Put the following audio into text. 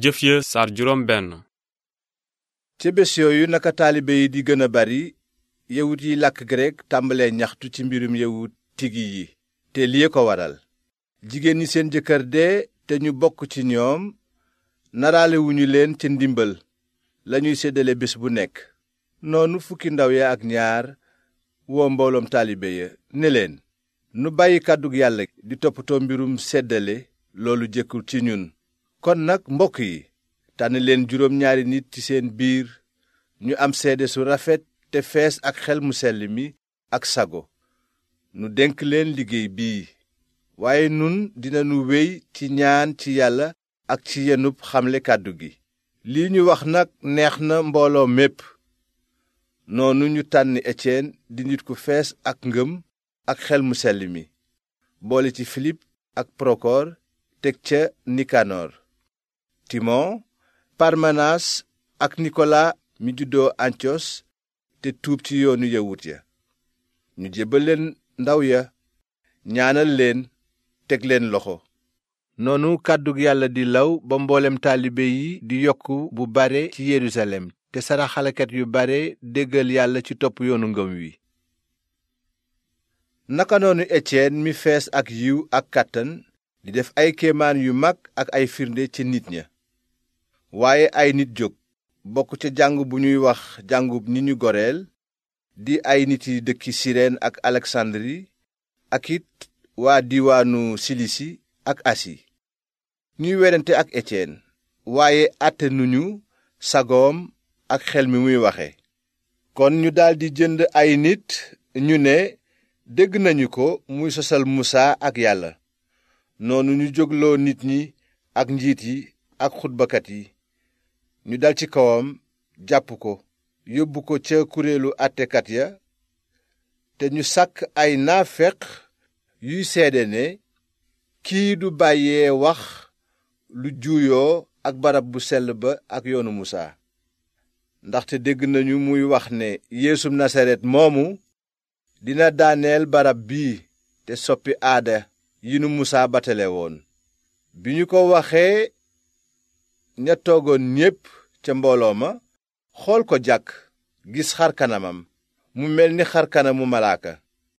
jëf sar juróom benn ca bés yooyu naka taalibe yi di gën a bari yawut yi làkk grek tàmbalee ñaxtu ci mbirum yawut tigi yi te lii ko waral jigéen ñi seen jëkkër de te ñu bokk ci ñoom naraalewuñu leen ca ndimbal lañuy séddale bés bu nekk noonu fukki ndaw ya ak ñaar woo mbooloom taalibe ya ne leen nu bàyyi kàddu yàlla di toppatoo mbirum seddale loolu jëkkul ci ñun kon nag mbokk yi tànn leen juróom ñaari nit ci seen biir ñu am seede su rafet te fees ak xel mu sell mi ak sago nu dénk leen liggéey bii waaye nun dinanu wéy ci ñaan ci yàlla ak ci yenub xamle kàddu gi lii ñu wax nag neex na mbooloo mépp noonu ñu tànn Étienne di nit ku fees ak ngëm ak xel mu sell mi boole ci Filip ak Prokoor teg ca Nikanoor timon parmenas ak nikola mi juddoo antiyos te tuub ci yoonu yawut ya ñu jébbal ndaw ya ñaanal leen teg leen loxo noonu kàddug yàlla di law ba mboolem taalibe yi di yokk bu bare ci yerusalem te saraxalekat yu bare déggal yàlla ci topp yoonu ngëm wi naka noonu Étienne mi fees ak yiw ak kàttan di def ay kéemaan yu mag ak ay firnde ci nit ña waaye ay nit jóg bokk ca jàng bu ñuy wax jàngub ni ñu goreel di ay nit yi dëkki sireen ak aleksandri ak it waa diiwaanu silisi ak asi ñuy werante ak etiyen waaye àtte nuñu sagoom ak xel mi muy waxe kon ñu daldi jënd ay nit ñu ne dégg nañu ko muy sosal musaa ak yàlla noonu ñu jógloo nit ñi ak njiit yi ak xutbakat yi ñu dal ci kawam jàpp ko yóbbu ko ca kuréelu àttekat ya te ñu sàkk ay naafeq yuy seede ne kii du bàyyee wax lu juuyoo ak barab bu sell ba ak yoonu musa ndaxte dégg nañu muy wax ne yéesu nasaret moomu dina daaneel barab bii te soppi aada yi nu musaa batale woon bi ñu ko waxee ña toogoon ñépp ca mbooloo ma xool ko jàkk gis xar kanamam mu mel ni xar kanamu malaaka